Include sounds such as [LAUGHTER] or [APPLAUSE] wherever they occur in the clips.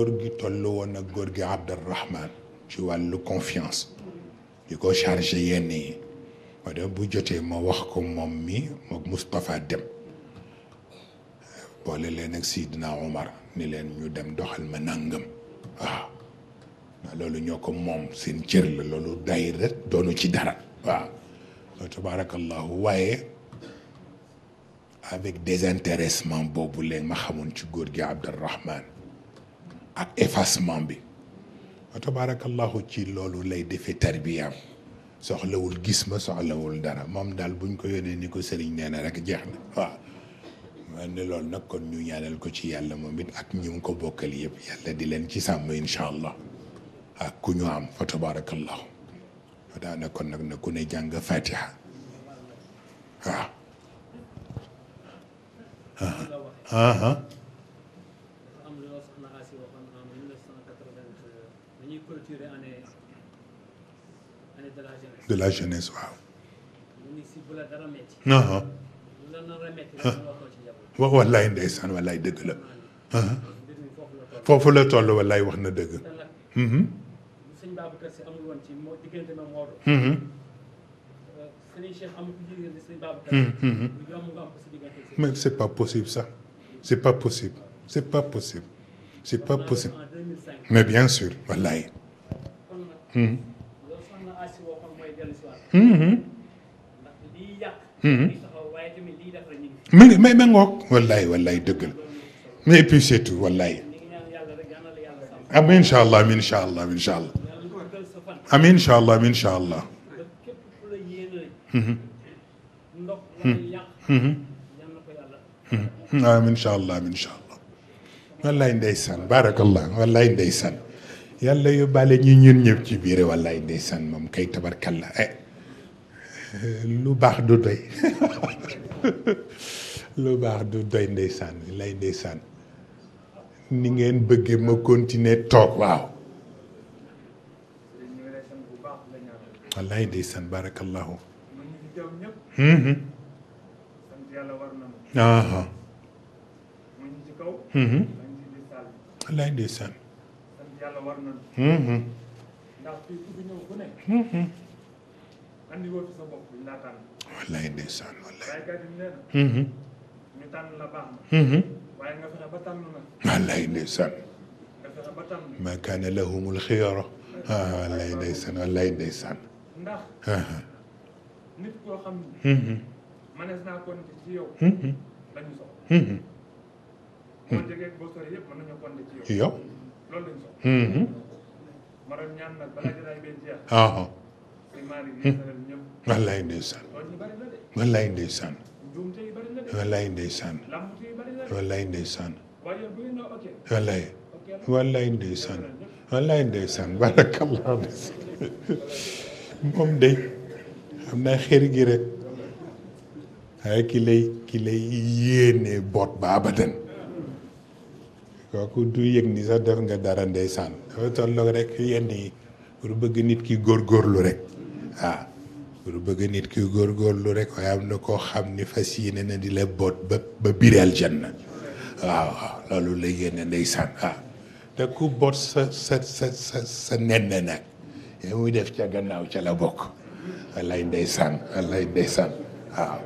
góor gi ak góor Abdurrahman ci walu confiance di ko chargé yenni yi ma dem bu joté ma wax ko mom mi mook Mustafa dem bolé len ak Sidina Omar ni ñu dem doxal ma nangam waaw loolu lolu ñoko mom seen cër la loolu day rek doonu ci dara wa so tabaarakallahu avec désintéressement bobu len ma xamone ci góor Abdurrahman ak effacement bi wa tabarakallahu ci lolou lay defee tarbiyaam soxlawul gis ma soxlawul dara moom daal buñ ko yónnee ni ko sëriñ nee rek jeex na man kon ñu ñaanal ko ci yàlla ak ko bokkal yàlla di ci ak ku ñu am fa kon na ku ne jàng fatiha clôturer année année de la jeunesse. de la jeunesse waaw. mu ngi si bu la dara metti. bu uh-huh. la dara metti. waaw wallaay ndeysaan wallaay dëgg la. Uh-huh. foofu la toll wallaay wax na dëgg. Mm-hmm. sëñ Babacar Si amul woon ci moo diggante ma Maodo. Mm-hmm. Euh, sëñ Cheikh amul ku jigéen sëñ Babacar. Mm-hmm. lu yomb nga am ko si diggante. mais c' est pas possible ça C'est pas possible C'est pas possible C'est pas possible mais bien sûr wallaay. mi ngi may ma ngoog wallaay wallaay dëgg la am incha allah am incha allah am incha allah am incha allah am incha allah am incha allah allah wallaay ndeysaan yàlla yóbbaale ñi ñun ñëpp ci biir wallaay ndeysaan moom kay tabarkalla eh lu baax du doy [LAUGHS] lu baax du doy ndeysaan lay ndeysaan ni ngeen bëggee ma continuer toog waaw wallaay ndeysaan barakallahu hmm, hmm. aha hmm, wallaay ndeysaan war nañu. ndax fii ku fi ñëw ku ne. andi woo fi sa bopp ñu laa tànn. wallaay ndeysaan wallaay. waaye gàddu nee na. ñu tànn la baax na. waaye nga fexe ba tànn na. wallaay ndeysaan. nga fexe ba tànn. ma kaana lahumul xiyara. ah wallaay ndeysaan wallaay ndeysaan. ndax. nit koo xam ne. manees naa compter ci yow. lañu soxla. boo jegee boo sori yëpp mën nañoo compter ci yow. yow. Mhm. Ah, ah. Hmm. wallaay ndeysaan wallaay ndeysaan wallaay ndeysaan wallaay ndeysaan san wallaay ndeysaan wallaay ndeysaan barakallah moom day xam naa xër gi rek waaye ki lay ki lay yéene boot ba abadan kooku du yëg ni sax def nga dara ndeysaan dafa tolloog rek yenn yi pour bëgg nit ki góor góorlu rek waaw pour bëgg nit ki góorgóorlu rek waaye na koo xam ni fas yéene di la boot ba ba waaw loolu la yéene ndeysaan waaw te ku boot sa sa sa sa sa nag ya muy def ca gannaaw ca la bokk wallaay ndeysaan wallaay ndeysaan waaw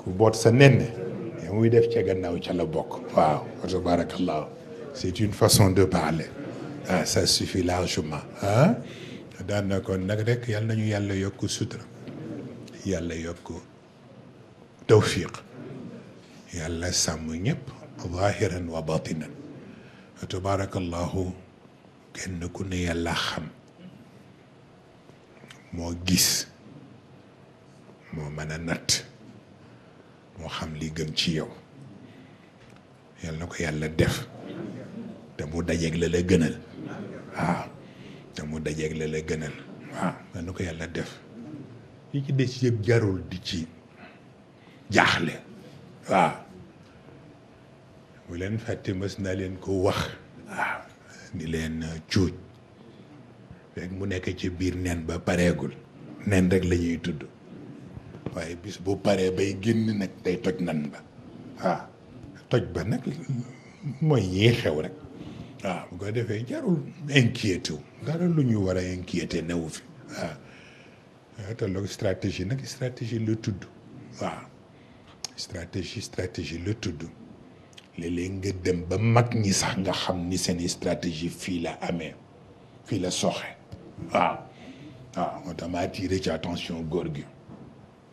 ku boot sa nen muy def ca gannaaw ca la bokk waaw tabarakallahu c'est une façon de parler ah ça suffit largement ah daan na kon nag rek yàlla nañu yàlla yokk sutura yàlla yokk tawfiq yàlla sàmm ñëpp zahiran wa batinan tabarakallahu kenn ku ne yàlla xam moo gis moo mën a natt moo xam li gën ci yow yal na ko yàlla def te mu dajeeg la la gënal waaw te mu dajeeg la la gënal waaw yal na ko yàlla def li ci des yëpp jarul di ci jaaxle waaw mu leen fàtte mës naa leen ko wax waaw ni leen cuuj rek mu nekk ci biir neen ba pareegul neen rek la ñuy tudd waaye bis bu paree bay génn nag day toj nan ba ah toj ba rek ah, ko jarul inquiété inquiété stratégie stratégie la tudd stratégie stratégie la tudd léeg-léeg dem ba ñi sax ni stratégie fii la amee fii la soxe waaw attention góor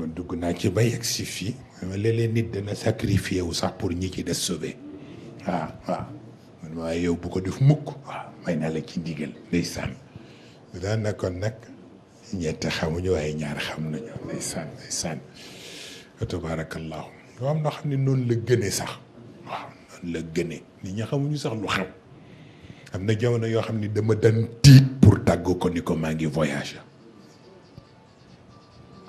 ma dugg naa ci ba yegg si fii ma léeg-léeg nit dana sacrifié wu sax pour ñi ci des sauvé waaw waaw man waaye yow bu ko def mukk waaw may naa la ci ndigal ndeysaan daan na kon nag ñett xamuñu waaye ñaar xam nañu ndeysaan ndeysaan tabarakallahu yoo am na xam ne noonu la gëne sax waaw noonu la gëne nit ñi xamuñu sax lu xew am na jamono yoo xam ne dama daan tiit pour tàgg ko ni ko maa ngi voyage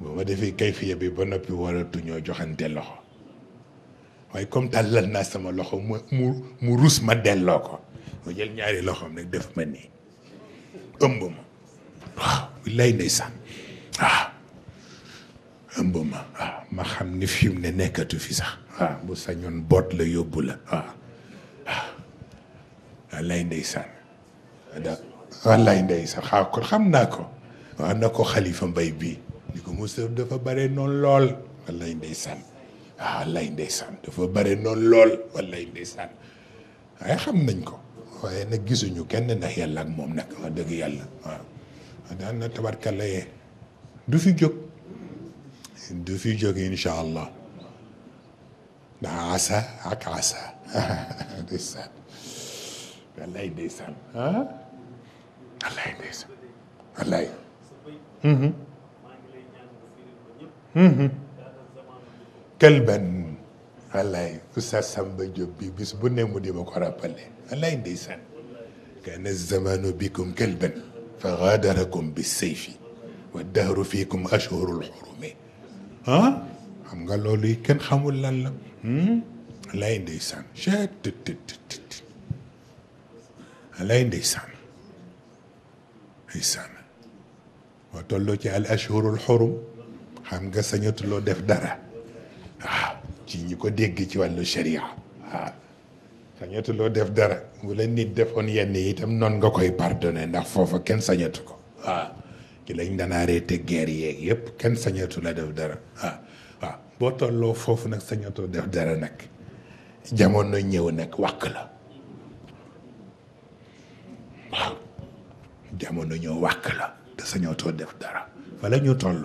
bu ma defee kayfiya bi ba noppi waratu ñoo joxante loxo waaye comme tàllal naa sama loxo mu mu mu rus ma delloo ko mu jël ñaari loxoom nag def ma nii ëmb ma waaw lay ndeysaan waaw ëmb ma waaw ma xam ni fi mu ne nekkatu fi sax waaw bu sañoon boot la yóbbu la waaw waaw lay ndeysaan da wallaay ndeysaan xaa ko xam naa ko waaw na ko xalifa mbay bii niko mo Moustapha dafa bare non lol wallahi ndeysaan ah wallay ndeysaan dafa bare non lol wallahi ndeysaan ay xam nañ ko waye nak gisuñu kenn ndax yàlla ak mom nak wa deug yàlla wa dan na tabarkalla du fi jóg du fi jóg inshallah da asa ak asa wallahi wallay ha wallahi wallay wallahi wallay كلبا الله استاذ سامبا جوبي بس بني مودي بكو رابالي الله ديسان كان الزمان بكم كلبا فغادركم بالسيف والدهر فيكم اشهر الحرم ها هم قالوا لي كان خمول لا لا الله ديسان شات الله ديسان ايسان وتولوا له الاشهر الحرم xam nga sañatuloo def dara waaw ah, ci ñu ko dégg ci wàllu sharia waaw ah, sañatuloo def dara bu la nit defoon yenn itam noon nga koy pardonné ndax foofa kenn sañatu ko waaw ah, ci lañ daan arrêté guerre yeeg yëpp kenn sañatu la def dara waaw boo tolloo foofu nag sañatoo def dara nag jamono ñëw nag wàkk la waaw jamono ñëw wàkk la te sañatoo def dara walla ñu toll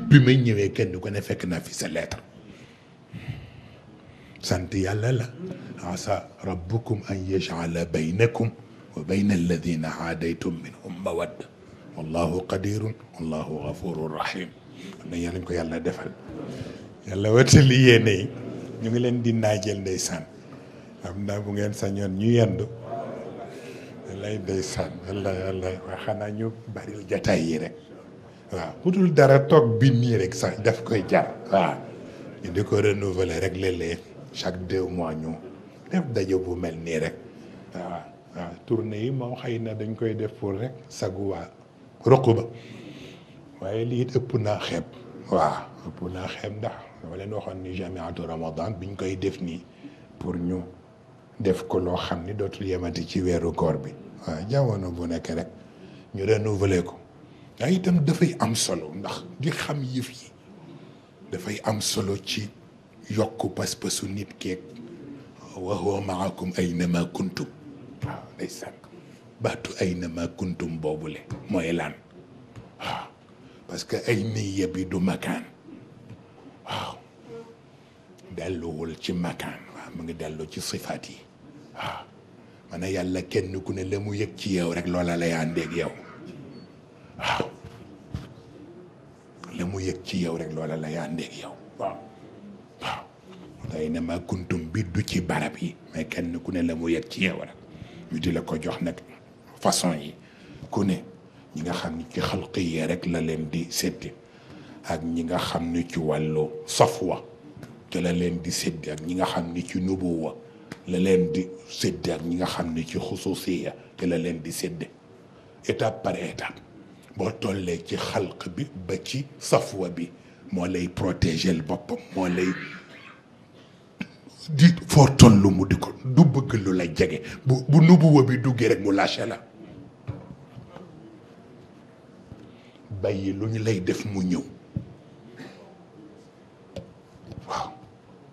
bi may ñëwee kenn ku ne fekk naa fi sa lettre sant yàlla la asa rabbukum an yajala baynakum wa bayna alladina aadaytum minhum mawadda wallahu qadirun wallahu ghafurun rahim na yàlla ñu ko yàlla defal yàlla wetali yéene yi ñu ngi leen di naajal ndeysaan am naa bu ngeen sañoon ñu yendu wallaay ndeysaan wallaay wallaay waa xanaa ñu baril jataay yi rek waaw bu dara toog bi nii rek sax def koy jar waaw di ko renouveler rek léeg-léeg chaque deux mois ñu def daje bu mel nii rek waaw waaw tournée yi moom xëy na dañ koy def pour rek sagu waa roq ba waaye lii ëpp naa xeeb waaw ëpp naa xeeb ndax wale leen waxoon ni jamiatu ramadan biñ koy def nii pour ñu def ko loo xam ni dootul yemati ci weeru koor bi waaw jamono bu nekk rek ñu renouveler ko te itam dafay am solo ndax di xam yëf yi dafay am solo ci yokk pas-pasu nit keeg wa huwa maakum aynama kuntum waaw day sànq baatu aynama kuntum boobule mooy lan waaw parce que ay niya bi du makaan waaw delluwul ci makaan waaw mu ngi dellu ci sifaat yi waaw man a yàlla kenn ku ne la mu yëg ci yow rek loola lay àndeeg yow yëg ci yow rek loola la yaandeeg yow waaw waaw day ne kuntum bi du ci barab yi mais kenn ku ne la mu yëg ci yow rek ñu di la ko jox nag façon yi ku ne ñi nga xam ni ci xalq yi la leen di séddi ak ñi nga xam ni ci wàllu safwa te la leen di séddi ak ñi nga xam ni ci nubuwa la ñi nga xam ni ci xususiya te la leen di séddi étape par étape boo tollee ci xalq bi ba ci safwa bi moo lay protégel boppam moo lay di foo tollu mu di ko du bëgg lu la jege bu nubuwa bi duggee rek mu lâché la bàyyi lu ñu lay def mu ñëw waaw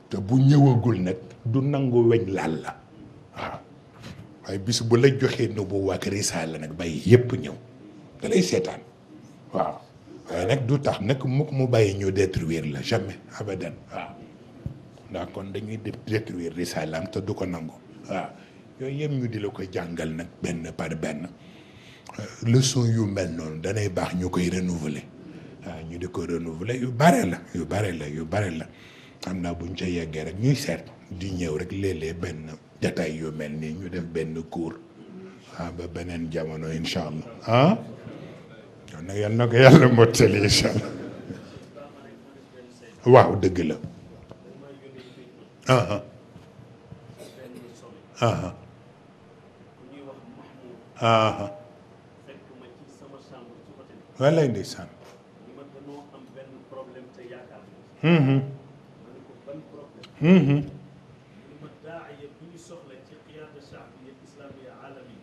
te bu ñëwagul nag du nangu weñ laal la waaw waaye bis bu la joxee nubuwa ak risaala nag bàyyi yépp ñëw waaw du tax mukk mu ñu détruire la jamais abadan waaw ndax kon dañuy détruire des te du ko waaw yooyu yëpp ñu di la jàngal par euh, leçon yu mel renouveler ñu di renouveler yu bare la yu bare la yu bare la naa buñ rek ñuy di ñëw rek cours ba yow nag yal na ko yàlla mottali incha allah waaw dëgg la aha aha aha wallaay ndeysaan hum hum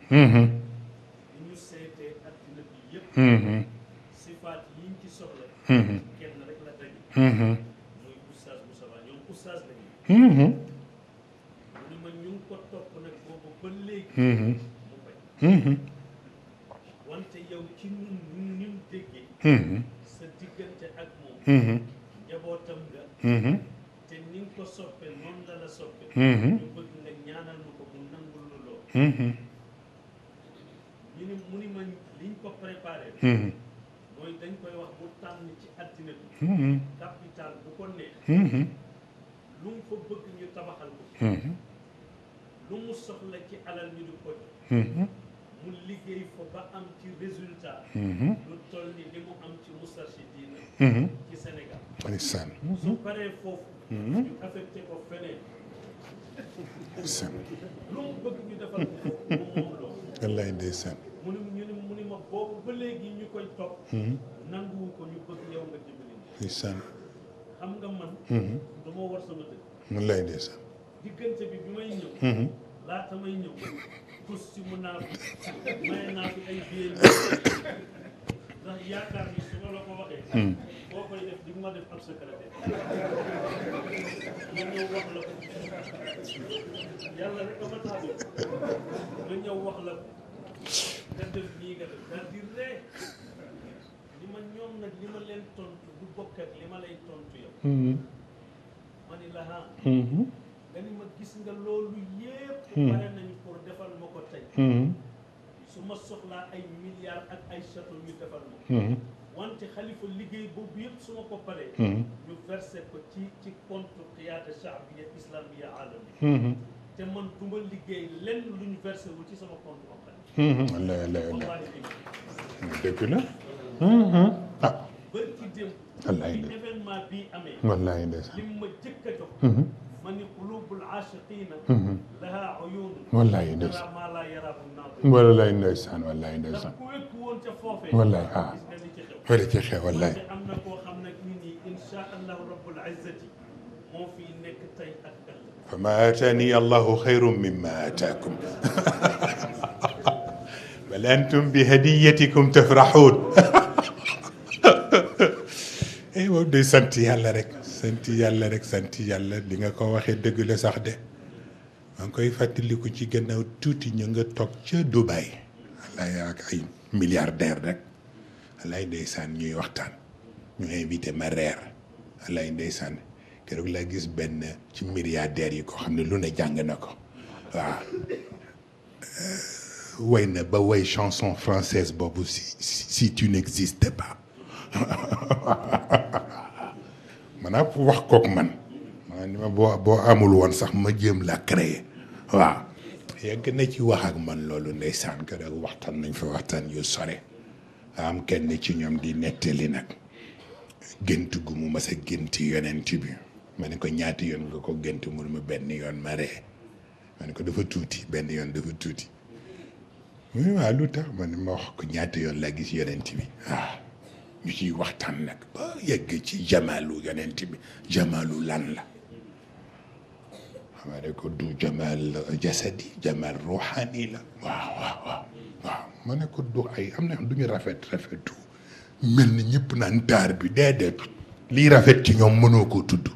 hum hum sifaat yi ñu ci soxla. kenn ma ñu ngi ko topp nag boobu ba léegi. mu bañ. wante yow ci ñun ñu déggee. sa diggante ak moom. njabootam nga. te ni nga ko soppee moom la la soppee. ñu mu nangul lu lool. préparé. lu mu bëgg ñu tabaxal ko. lu mu soxla ci alal ñu di ko mu liggéey fa ba am ci résultat. lu toll ni li mu am ci Moustarchidine ci Sénégal. su paree foofu. ñu affecté ko feneen. ndeysaan. lu mu bëgg ñu defal ko moom loolu. mu ni ma boobu ba léegi ñu koy topp hmm. nanguwu ko ñu bëgg yow nga dimbali ndeysaan xam nga man hmm. du war sama dëkk mun lay ndeysaan diggante bi bi may ñëw hmm. laata may ñëw costume naa fi may naa fi ay biir ndax yaakaar ni su wax la ko nga def lii nga def li ma ñoom li ma leen tontu du bokk ak li ma lay tontu yow ma la ha nga ni ma gis nga loolu yépp pare nañu pour defal ma ko tey su ma soxla ay milliards ak ay château ñu defal ma wante xalifa liggéey boobu yëpp su ma ko paree ñu versé ko ci ci compte qiyaada islamiya aalami te man du ma liggéey lenn lu ñu versé wu ci sama compte compagnie. la la la dëgg la. ah. bëri ci démb. wallaay la événement bii amee. wallaay ndeysaan li ma jëkk a jox. ma ni qulubul aashiqiina. lahaa uyuun. wallaay ndeysaan maa laa yaraahu naadir. wallaay ndeysaan wallaay ndeysaan. ndax ku wekk woon ca foofee. wallaay ah. wala ci xew wallaay. فما آتاني الله خير مما آتاكم [LAUGHS] بل أنتم بهديتكم تفرحون اي مو دي سنتي يالا رك سنتي يالا رك سنتي يالا ديغا كو واخي دغ لا صاح دي مان كاي فاتليكو سي غناو توتي نيغا توك سي دبي الله ياك اي ملياردير رك الله ديسان ني وقتان ني انفيتي ما رير الله ديسان keroog la gis benn ci milliardaire yi ko xam ne lu ne jàng na ko waaw euh, way na ba way chanson française boobu si si tu n'existais pas [LAUGHS] maanaam wax kook man maanaam ni ma boo boo amul woon sax ma jéem la créer waaw yegg na ci wax ak man loolu ndeysaan keroog waxtaan nañ fa waxtaan yu sore am kenn ci ñoom di nettali nag gént gu mu mas a gént yonent bi ma ne ko ñaati yoon nga ko gént mu ma benn yoon ma ree ma ne ko dafa tuuti benn yoon dafa tuuti mu ne waaw lu tax ma wax ko ñaati yoon laa gis yonent bi ah ñu ciy waxtaan nag ba yegg ci jamaalu yonent bi jamaalu lan la xam ko du jamaal jasadi jamaal ruuxaani la waaw waaw waaw waaw ko du ay am na du ñu rafet rafetu mel ni ñëpp naan taar bi déedéet lii rafet ci ñoom mënoo ko tudd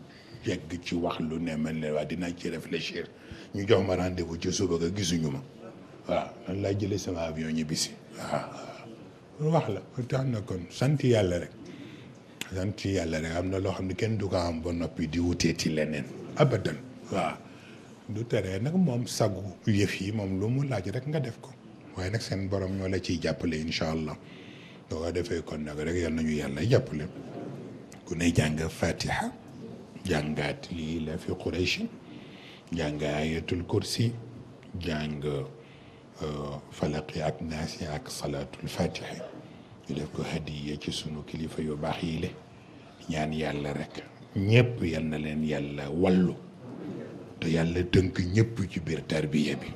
yegg ci wax lu ne mel ne waa dinaa ci réfléchir ñu jox ma rendez-vous ci suba ga gisuñu ma waaw nan laa jëlee sama avion ñibbisi waaw wax la tax na kon sant yàlla rek sant yàlla rek am na loo xam ne kenn du ko am ba noppi di wutee ci leneen abadan waaw du teree nag moom sagu yëf yi moom lu mu laaj rek nga def ko waaye nag seen borom ñoo la ciy jàppale incha allah boo defee kon nag rek yal nañu yàlla jàppale ku ne jàng fatiha jàngaat lii la fi Quraysh jàng ayatul kursi jàng euh, falaqi ak naasi ak salaatul fatiha ñu def ko ci sunu kilifa yu baax yi ñaan yàlla rek ñëpp yal na leen yàlla wallu te yàlla tënk ñëpp ci biir tarbiya bi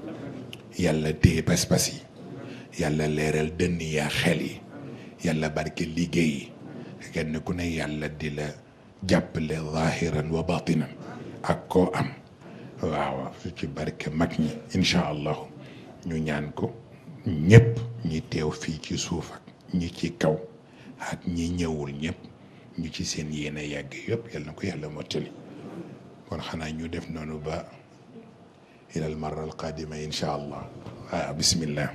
yàlla téye pas yàlla leeral dënn yaa xel yi yàlla barke liggéey yi kenn ku ne yàlla di la jàppale zahiran wa batinan ak koo am waaw ci barke mag ñi incha ñu ñaan ko ñëpp ñi tew fi ci suuf ak ñi ci kaw ak ñi ñëwul ñëpp ñu ci seen yene yag yëpp yalla nako yalla mo mottali kon xana ñu def nonu ba ila al marra al qadima insha allah waaw bismillah